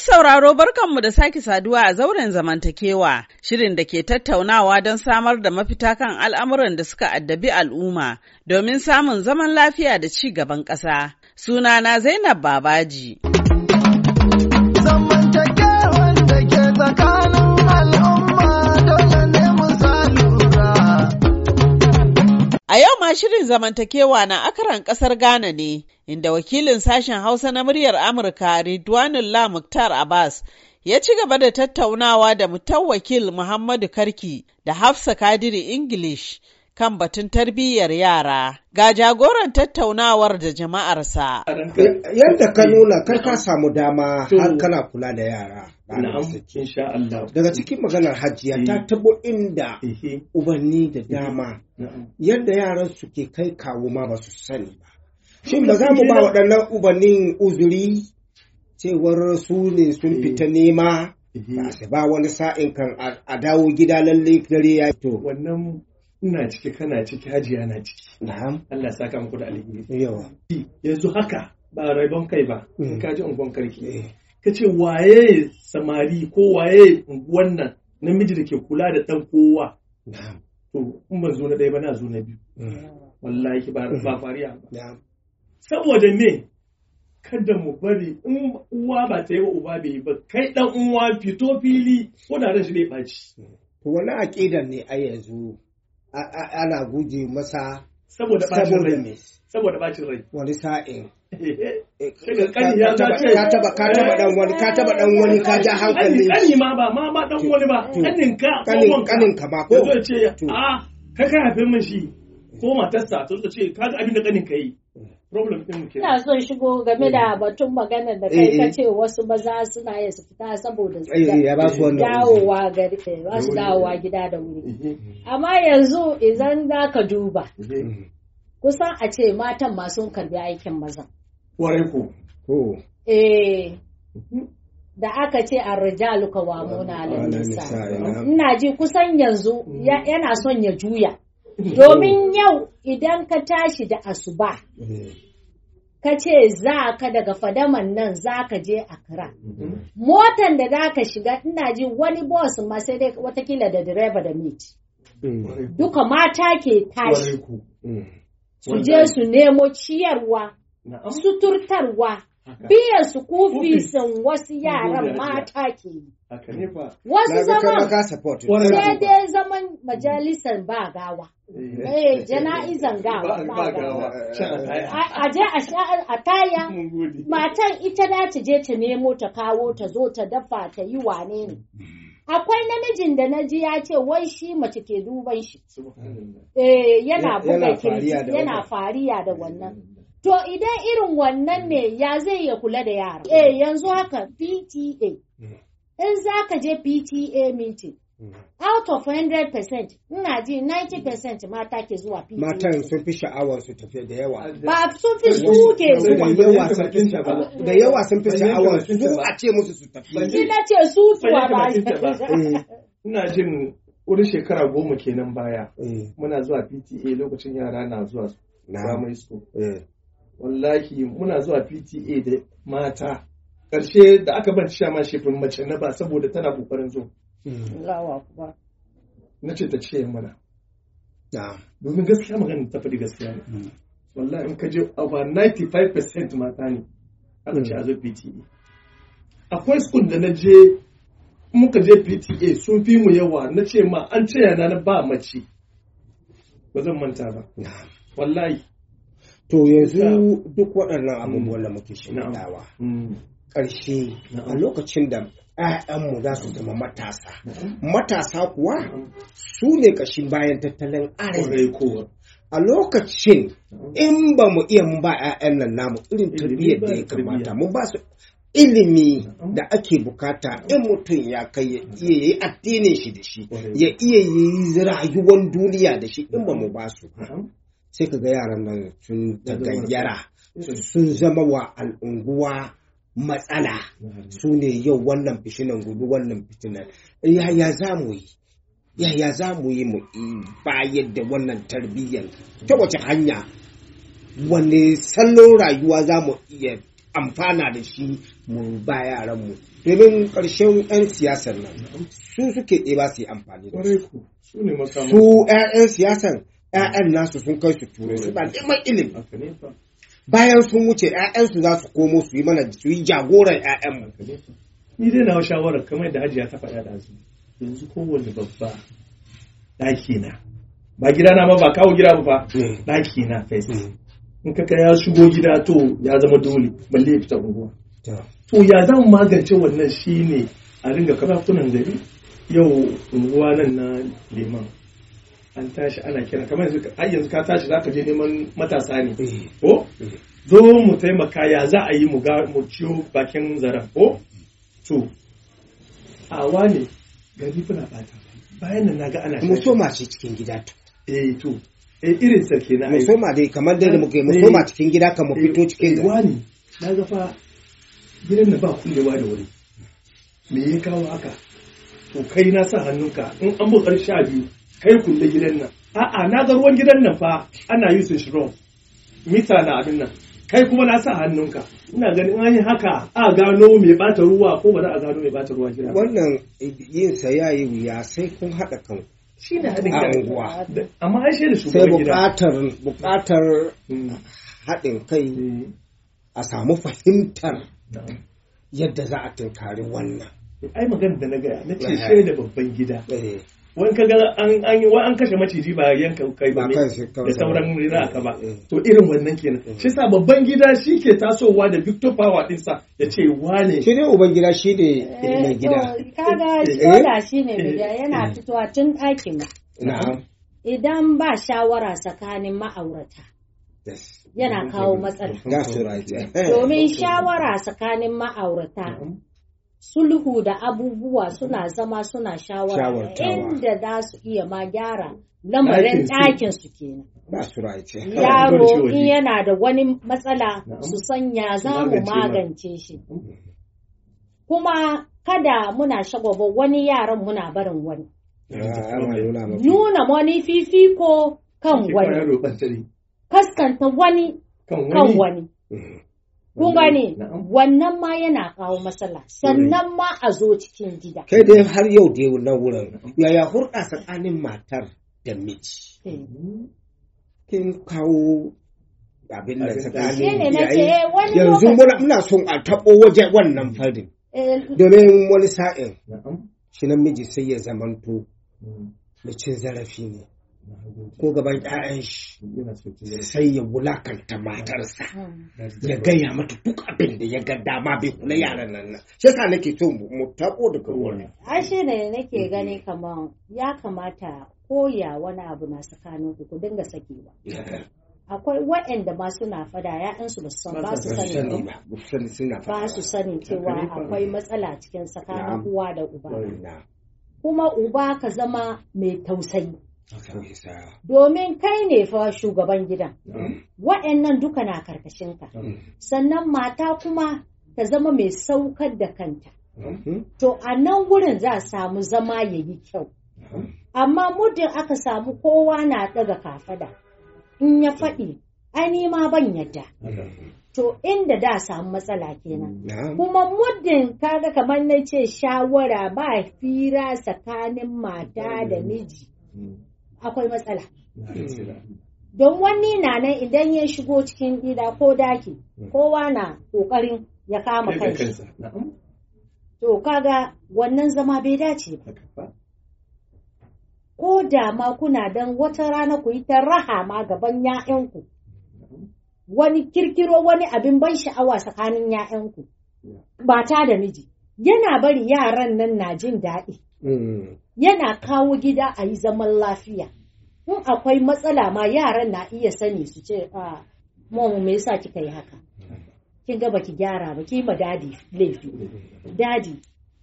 Masu sauraro barkanmu da sake saduwa a zauren zamantakewa, shirin da ke tattaunawa don samar da mafita kan al'amuran da suka addabi al'umma domin samun zaman lafiya da ci gaban ƙasa. Sunana Zainab Babaji. A yau ma shirin zamantakewa na akaran ƙasar Ghana ne, inda wakilin sashen Hausa na muryar Amurka La Muktar Abbas ya ci gaba da tattaunawa da mutawakil Muhammadu Karki da Hafsa Kadiri English kan batun tarbiyyar yara ga jagoran tattaunawar da jama'arsa. Yadda ka nuna kar ka samu dama har kana kula da yara. Daga cikin maganar hajiya ta eh. tabo inda eh. ubanni da eh. dama yadda yaran su ke kai kawo ma ba su sani ba. Shin ba za mu ba waɗannan ubannin uzuri cewar su ne sun fita nema ba wani sa'in kan a dawo gida lallai dare ya to. Wannan ina ciki kana ciki hajiya na ciki na'am Allah saka muku da alheri yawa yanzu haka ba raibon kai ba mm. ka ji ungon karki eh. ka ce waye samari ko waye wannan namiji da ke kula da ɗan kowa to in ban zo na ɗaya ba na zo na biyu mm. wallahi ba ba mm. fariya ba saboda me kada mu bari in uwa ba ta yi wa uba bai ba kai dan uwa fito fili ko da ran shi bai ɓaci to wani aƙidan ne a yanzu ana guje masa saboda bacin rai saboda bacin rai wani sa'in eh, ka taba ka taba dan wani ka taba dan wani ka ja hankali kani ma ba ma ma dan wani ba kanin ka kanin kanin ka ba ko ce a ah, kai kai hafin min shi ko matarsa to ce ka ga abin da kanin ka yi problem din ke ina son shigo game da eh. batun maganar da kai eh, eh. ka ce wasu maza suna yin su fita saboda su dawowa gari ba su dawowa gida da wuri mhm. amma yanzu idan za ka duba mhm. kusan a ce matan ma sun karbi aikin mazan warai ko. eh mhm. da aka ce a rijalu ka alal nisa ina ji kusan yanzu yana son ya juya Domin yau idan ka tashi da asuba, ka ce za ka daga fadaman nan za ka je kira. Mm-hmm. Motan da za ka shiga ina ji wani bus ma sai dai watakila da direba da miti. Mm. Duka mata ke tashi. Mm. Su je su nemo ciyarwa, suturtarwa, biyan su kofi sun wasu yaran mata ke wasu zaman sai dai zaman majalisar ba gawa eh. eh jana'izan gawa ba gawa a je a sha'ar a taya matan ita da ta je ta nemo ta kawo ta zo ta dafa ta yi wane ne akwai namijin da na ji ya ce wai shi mace ke duban shi eh yana buga yana fariya da wannan To idan irin wannan ne ya zai ya kula da yara. Eh, eh yanzu haka PTA. Mm. In za ka je PTA meeting. Mm. Out of 100% ina ji 90% mata ke zuwa PTA. Matan sun fi sha'awar su tafiya da yawa. Ba sun fi su ke zuwa. Da yawa sun fi sha'awar. su a ce musu su tafi. Shi ce su tuwa ba. Eh. Ina jin wurin shekara goma kenan baya. Eh. Muna zuwa PTA lokacin yara na zuwa primary school. wallahi muna zuwa PTA da mata ƙarshe da aka ban ma shefin mace na ba saboda tana kokarin zo na ce ta ce mana domin gaskiya magana ta faɗi gaskiya ne hmm. wallahi in ka je over 95% mata ne aka ce a zo hmm. PTA akwai school da na je muka je PTA sun fi mu yawa na ce ma an ce yana na ba mace ba zan manta ba wallahi to yanzu duk waɗannan abubuwan da mm. muke shaidawa mm. ƙarshe a lokacin da ‘ya'yanmu za su zama matasa matasa kuwa su ne ƙashin bayan tattalin arziki a lokacin in ba mu iya mba ba ‘ya'yan nan namu irin tarbiyyar da ya kamata mu ba su ilimi da ake bukata in mutum ya kai ya iya yi addinin shi da shi ya iya yi rayuwar duniya da shi in ba mu ba su sai ka ga yaran nan sun tagayyara sun zama wa al'unguwa matsala mm-hmm. su ne yau wannan fishinan gobe wannan fitinan yaya za mu yi yaya za mu yi mu mm. bayar da wannan tarbiyyar ta wace hanya wani sallon rayuwa za mu iya amfana da shi mu ba mu domin karshen 'yan siyasar nan su suke ɗeba su yi amfani da su su 'ya'yan siyasar 'ya'yan nasu sun kai su turai su ba neman ilimi bayan sun wuce 'ya'yansu za su komo su yi mana su yi jagoran 'ya'yan ni dai na shawarar kamar da ajiya ta faɗa da su yanzu kowanne babba ɗaki na ba gida na ba ba kawo gida ba hmm. ɗaki na fesa hmm. in kaka ya shigo gida to ya zama dole balle ya fita unguwa to ya zan magance wannan shine a ringa kafafunan gari yau unguwa nan na liman an tashi ana kira kamar yanzu ai yanzu ka tashi za ka je neman matasa ne eh. ko eh. zo mu taimaka ya za a yi mu ga mu ciyo bakin zaren ko to awa ne gari fina bata bayan nan naga ana mu soma shi cikin gida to eh to eh irin sa kenan mu soma dai kamar dai mu mu eh. soma cikin gida kan mu fito cikin gida. wani naga fa gidan da ba kullewa da wuri me ya kawo haka to kai na sa hannunka in an bu karshe biyu kai kulle gidan nan a'a na ga ruwan gidan nan fa ana using strong mita na abin nan kai kuma na sa hannunka ina ganin an yi haka a gano mai bata ruwa ko ba za a gano mai bata ruwa gida wannan yin sa yayi wuya sai kun haɗa kanku shi ne amma an shaida sai buƙatar hmm. haɗin kai hmm. a samu fahimtar yadda za a tunkari wannan ai magana da na gaya na ce da babban gida eh. wani kaga an an an kashe maciji ba yanka kai ba da sauran rina aka ba mm. to irin wannan kenan mm. shi sa babban gida shi ke tasowa da Victor Power din sa ya ce wane shi ne uban gida shi ne eh, mai gida kaga eh, shoda eh, shi ne mai gida yana mm. fitowa tun ɗakin ba idan ba shawara tsakanin ma'aurata yana kawo matsala domin shawara tsakanin ma'aurata sulhu da abubuwa suna zama suna shawara inda za su iya ma gyara lamarin ɗakin su kenan. Yaro in yana da wani matsala su sanya za mu magance shi. Kuma kada muna shagwaba wani yaran muna barin wani. Nuna wani fifiko kan wani. Kaskanta wani kan wani. Mm. kun gane wannan ma yana kawo matsala sannan ma a zo cikin gida kai dai har yau da yau na wurin yaya hurɗa tsakanin matar da miji eh. kin kawo abin da tsakanin eh, yanzu muna son a taɓo waje wannan farin eh. domin wani sa'in shi miji sai ya zamanto da mm. cin zarafi ne ko gaban ƴaƴan shi sai ya wulakanta matarsa ya gaya mata duk abin da ya ga dama bai kula yaran nan nan shi yasa nake so mu tako daga wannan shi ne nake gani kaman ya kamata koya wani abu na tsakanin ku dinga sakewa akwai waɗanda ma suna fada ya'yansu ba su san ba su sani ba su sani cewa akwai matsala cikin tsakanin uwa da uba kuma uba ka zama mai tausayi Domin kai ne fa shugaban gidan, mm. waɗannan duka na ka, mm. sannan mata kuma ta zama mai saukar da kanta. Mm. To a nan wurin za a samu zama ya yi kyau. Amma muddin aka samu kowa na ɗaga kafada, in ya faɗi, ai ma ban yadda. To inda da samu matsala kenan. Kuma muddin kaga kamar na ce shawara ba fira tsakanin mata da miji. akwai matsala. Don wani na nan idan ya shigo cikin gida ko daki, hmm. kowa na ƙoƙarin ya kama kanshi. To kaga wannan zama bai dace ba. Ko da ma kuna dan wata rana ku yi ta raha ma gaban ‘ya'yanku, wani kirkiro wani abin ban sha'awa tsakanin ‘ya'yanku, ba ta da miji, yana bari yaran nan na jin daɗi. Mm. Yana kawo gida a yi zaman lafiya. In akwai matsala ma yaran na iya sani su ce, a ah, me yasa kika yi haka? Kin ga baki gyara ba, ki ma dadi laifi. Dadi,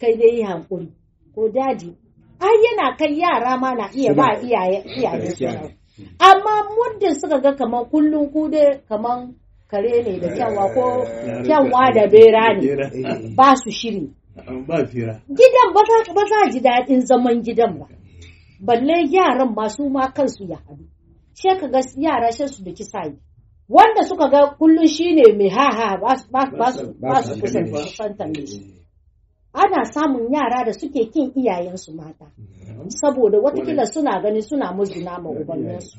kai dai yi hankuri. Ko dadi, ai yana kai yara ma na iya ba iyaye amma muddin suka ga kamar kullum ku dai kamar kare ne da kyanwa ko eh, kyanwa da eh, bera ne ba su shiri gidan ba za ji daɗin zaman gidan ba balle yaran masu ma kansu ya haɗu sai ka ga yara sai su da yi, wanda suka ga kullum shine mai haha ba su kusantar shi ana samun yara da suke kin iyayensu mata saboda watakila suna gani suna muzguna ma ubanninsu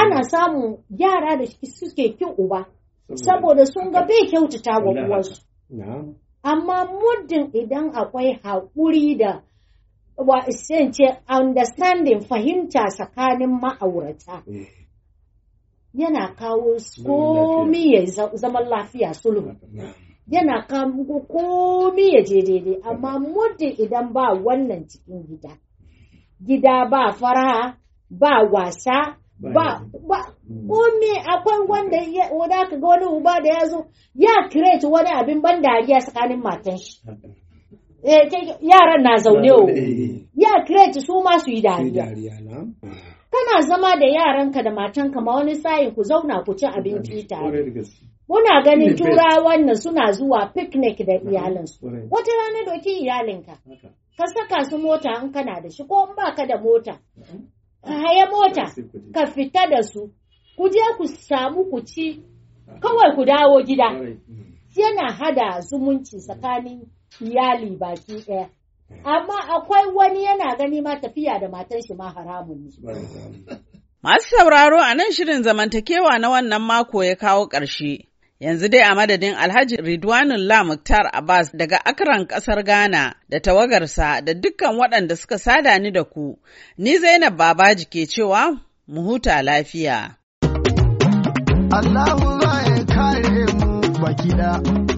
ana samun yara da suke kin uba saboda sun ga bai kyautata wa uwansu amma muddin idan akwai haƙuri da wa ce understanding fahimta tsakanin ma'aurata eh. yana kawo komi ya zama lafiya sulhu yana kawo komi ya je daidai amma muddin idan ba wannan cikin gida gida ba fara, ba wasa ba wani akwai wanda ya ka ga wani uba da ya zo ya create wani abin ban dariya tsakanin matan shi eh, yaran na zaune o ya create su ma su yi dariya kana zama da yaranka da matanka ma wani sayin ku zauna ku ci abinci tare muna ganin turawan nan suna zuwa picnic da iyalinsu wata rana doki iyalinka ka saka su mota in kana da shi ko in baka da mota Ka haya mota ka fita da su ku je ku samu ku ci kawai ku dawo gida mm. yana hada zumunci tsakanin iyali baki ɗaya amma akwai wani yana gani ma tafiya da matan shi ma haramun ne masu sauraro a nan shirin zamantakewa na wannan mako ya kawo ƙarshe Yanzu dai a madadin Alhaji Ridwanul La Muktar Abbas daga Akran kasar Ghana da tawagarsa da dukkan waɗanda suka sada ni da ku, ni Zainab Babaji ke cewa mu huta lafiya. allahu za ya kare mu baki da.